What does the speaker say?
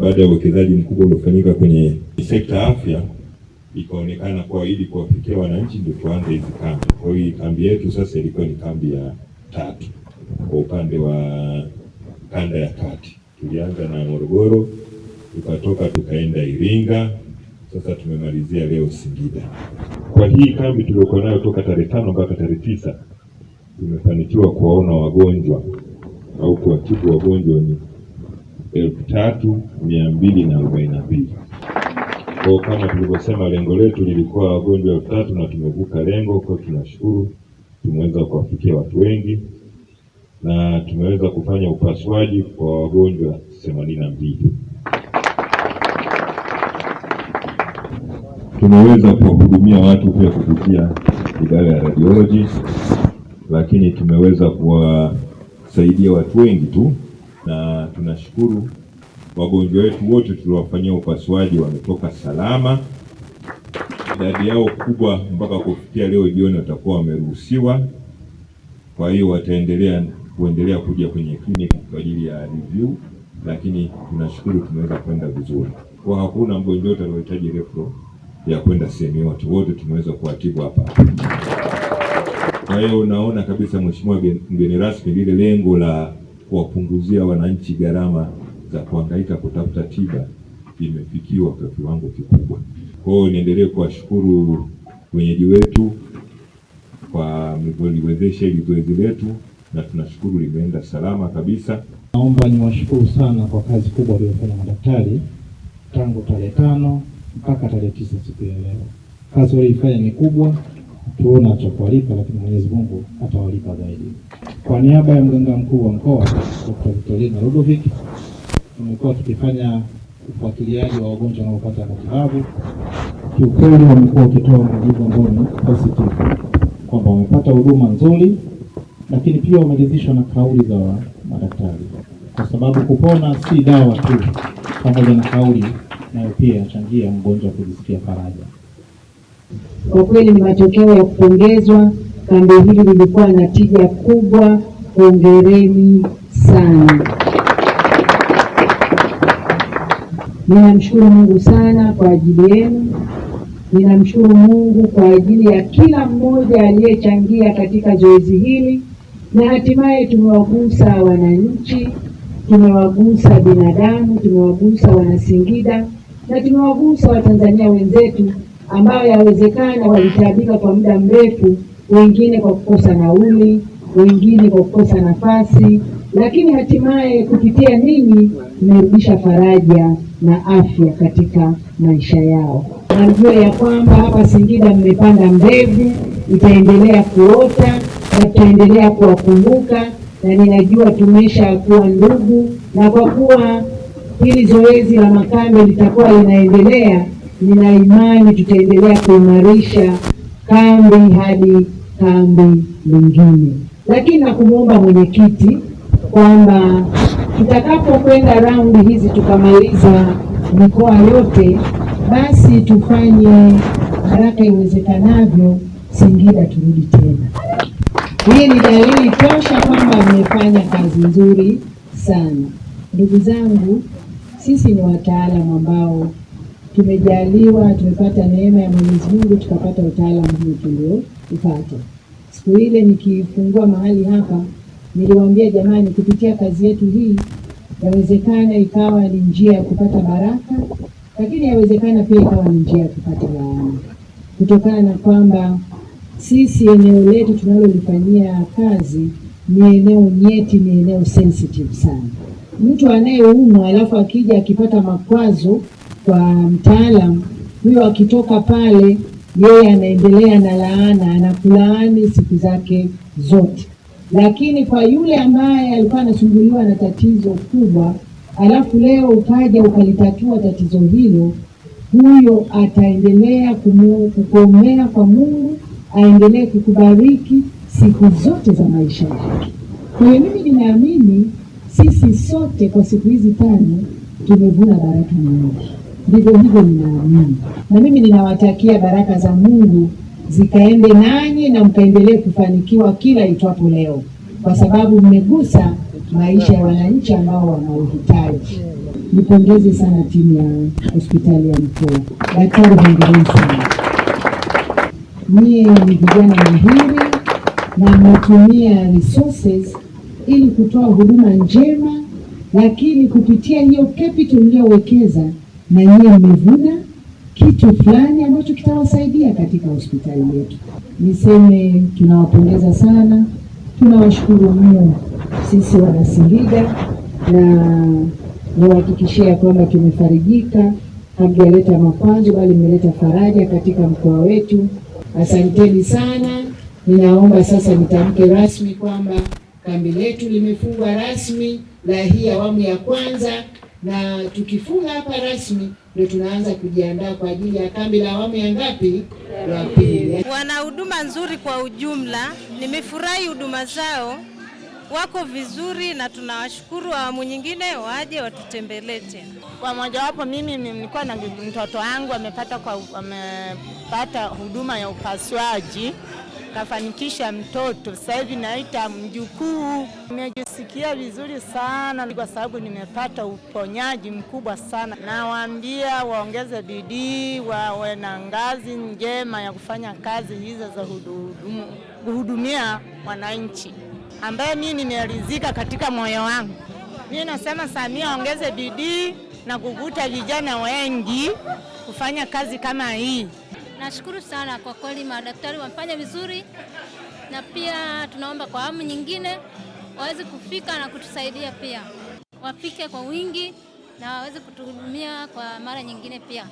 Baada ya uwekezaji mkubwa uliofanyika kwenye sekta ya afya, ikaonekana kwa ili kuwafikia wananchi ndio tuanze hizi kambi. Kwa hiyo kambi yetu sasa ilikuwa ni kambi ya tatu kwa upande wa kanda ya kati. Tulianza na Morogoro, tukatoka tukaenda Iringa, sasa tumemalizia leo Singida. Kwa hii kambi tuliokuwa nayo toka tarehe tano mpaka tarehe tisa tumefanikiwa kuwaona wagonjwa au kuwatibu wagonjwa wenye elfu tatu mia mbili na arobaini na mbili. Kwa kama tulivyosema, lengo letu lilikuwa wagonjwa elfu tatu na tumevuka lengo, kwa tunashukuru tumeweza kuwafikia watu wengi na tumeweza kufanya upasuaji kwa wagonjwa themanini na mbili. Tumeweza kuwahudumia watu pia kupitia idara ya radioloji, lakini tumeweza kuwasaidia watu wengi tu na tunashukuru wagonjwa wetu wote tuliwafanyia upasuaji wametoka salama. Idadi yao kubwa mpaka kufikia leo jioni watakuwa wameruhusiwa, kwa hiyo wataendelea kuendelea kuja kwenye kliniki kwa ajili ya review, lakini tunashukuru tumeweza kwenda vizuri, kwa hakuna mgonjwa wote aliohitaji refro ya kwenda sehemu yote, wote tumeweza kuwatibu hapa. Kwa hiyo unaona kabisa, mheshimiwa mgeni rasmi, lile lengo la kuwapunguzia wananchi gharama za kuhangaika kutafuta tiba imefikiwa kwa kiwango kikubwa. Kwa hiyo niendelee kuwashukuru wenyeji wetu kwa mlivyoliwezesha hili zoezi letu, na tunashukuru limeenda salama kabisa. Naomba niwashukuru sana kwa kazi kubwa aliyofanya madaktari tangu tarehe tano mpaka tarehe tisa siku ya leo. Kazi walioifanya ni kubwa tuona cha kuwalipa, lakini Mwenyezi Mungu atawalipa zaidi. Kwa niaba ya mganga mkuu wa mkoa Dr. Victorina Ludovic, tumekuwa tukifanya ufuatiliaji wa wagonjwa wanaopata matibabu. Kiukweli wamekuwa wakitoa majibu ambayo ni positive kwamba wamepata huduma nzuri, lakini pia wameridhishwa na kauli za madaktari, kwa sababu kupona si dawa tu, pamoja na kauli nayo pia yachangia mgonjwa kujisikia faraja. Kwa kweli ni matokeo ya kupongezwa. Kambi hili lilikuwa na tija kubwa, hongereni sana. Ninamshukuru Mungu sana kwa ajili yenu. Ninamshukuru Mungu kwa ajili ya kila mmoja aliyechangia katika zoezi hili, na hatimaye tumewagusa wananchi, tumewagusa binadamu, tumewagusa Wanasingida na tumewagusa Watanzania wenzetu ambayo yawezekana walitaabika kwa muda mrefu, wengine kwa kukosa nauli, wengine kwa kukosa nafasi, lakini hatimaye kupitia ninyi mmerudisha faraja na afya katika maisha yao. Najua ya kwamba hapa Singida mmepanda mbegu, itaendelea kuota na tutaendelea kuwakumbuka, na ninajua tumesha kuwa ndugu, na kwa kuwa hili zoezi la Makambe litakuwa linaendelea nina imani tutaendelea kuimarisha kambi hadi kambi nyingine, lakini na mwenyekiti kwamba tutakapokwenda raundi hizi tukamaliza mikoa yote, basi tufanye haraka iwezekanavyo Singida turudi tena. Hii ni dalili tosha kwamba mmefanya kazi nzuri sana. Ndugu zangu, sisi ni wataalamu ambao tumejaliwa, tumepata neema ya Mwenyezi Mungu tukapata utaalamu huu tulioupata. Siku ile nikifungua mahali hapa, niliwaambia jamani, kupitia kazi yetu hii yawezekana ikawa ni njia ya kupata baraka, lakini yawezekana pia ikawa ni njia ya kupata laana, kutokana na kwamba sisi eneo letu tunalolifanyia kazi ni eneo nyeti, ni eneo sensitive sana. Mtu anayeumwa alafu akija akipata makwazo kwa mtaalamu huyo, akitoka pale yeye anaendelea na laana, anakulaani siku zake zote. Lakini kwa yule ambaye alikuwa anasumbuliwa na tatizo kubwa, alafu leo ukaja ukalitatua tatizo hilo, huyo ataendelea kukuomea kwa Mungu, aendelee kukubariki siku zote za maisha yake. Kwa hiyo mimi ninaamini sisi sote kwa siku hizi tano tumevuna baraka nyingi ndivyo hivyo ninaamini, na mimi ninawatakia baraka za Mungu zikaende nanyi na mkaendelee kufanikiwa kila itwapo leo, kwa sababu mmegusa maisha ya wananchi ambao wana uhitaji. Nipongeze sana timu ya hospitali ya mkoa, daktari, hongereni sana. Nyie ni vijana mahiri na mmetumia resources ili kutoa huduma njema, lakini kupitia hiyo capital mliyowekeza na yeye mmevuna kitu fulani ambacho kitawasaidia katika hospitali yetu. Niseme tunawapongeza sana, tunawashukuru mno sisi Wanasingida, na niwahakikishia ya kwamba tumefarijika. Hamjaleta mapazo, bali mmeleta faraja katika mkoa wetu. Asanteni sana. Ninaomba sasa nitamke rasmi kwamba kambi letu limefungwa rasmi la hii awamu ya kwanza na tukifunga hapa rasmi ndio tunaanza kujiandaa kwa ajili ya kambi la awamu ya ngapi? Ya pili. Wana huduma nzuri kwa ujumla, nimefurahi huduma zao, wako vizuri na tunawashukuru. Awamu nyingine waje watutembelee tena. Kwa mojawapo, mimi nilikuwa na mtoto wangu amepata kwa amepata huduma ya upasuaji kafanikisha mtoto, sasa hivi naita mjukuu. Nimejisikia vizuri sana kwa sababu nimepata uponyaji mkubwa sana. Nawaambia waongeze bidii, wawe na ngazi njema ya kufanya kazi hizo za kuhudumia wananchi, ambaye mimi nimeridhika katika moyo wangu. Mimi nasema Samia aongeze bidii na kuvuta vijana wengi kufanya kazi kama hii. Nashukuru sana kwa kweli, madaktari wamefanya vizuri, na pia tunaomba kwa awamu nyingine waweze kufika na kutusaidia pia, wafike kwa wingi na waweze kutuhudumia kwa mara nyingine pia.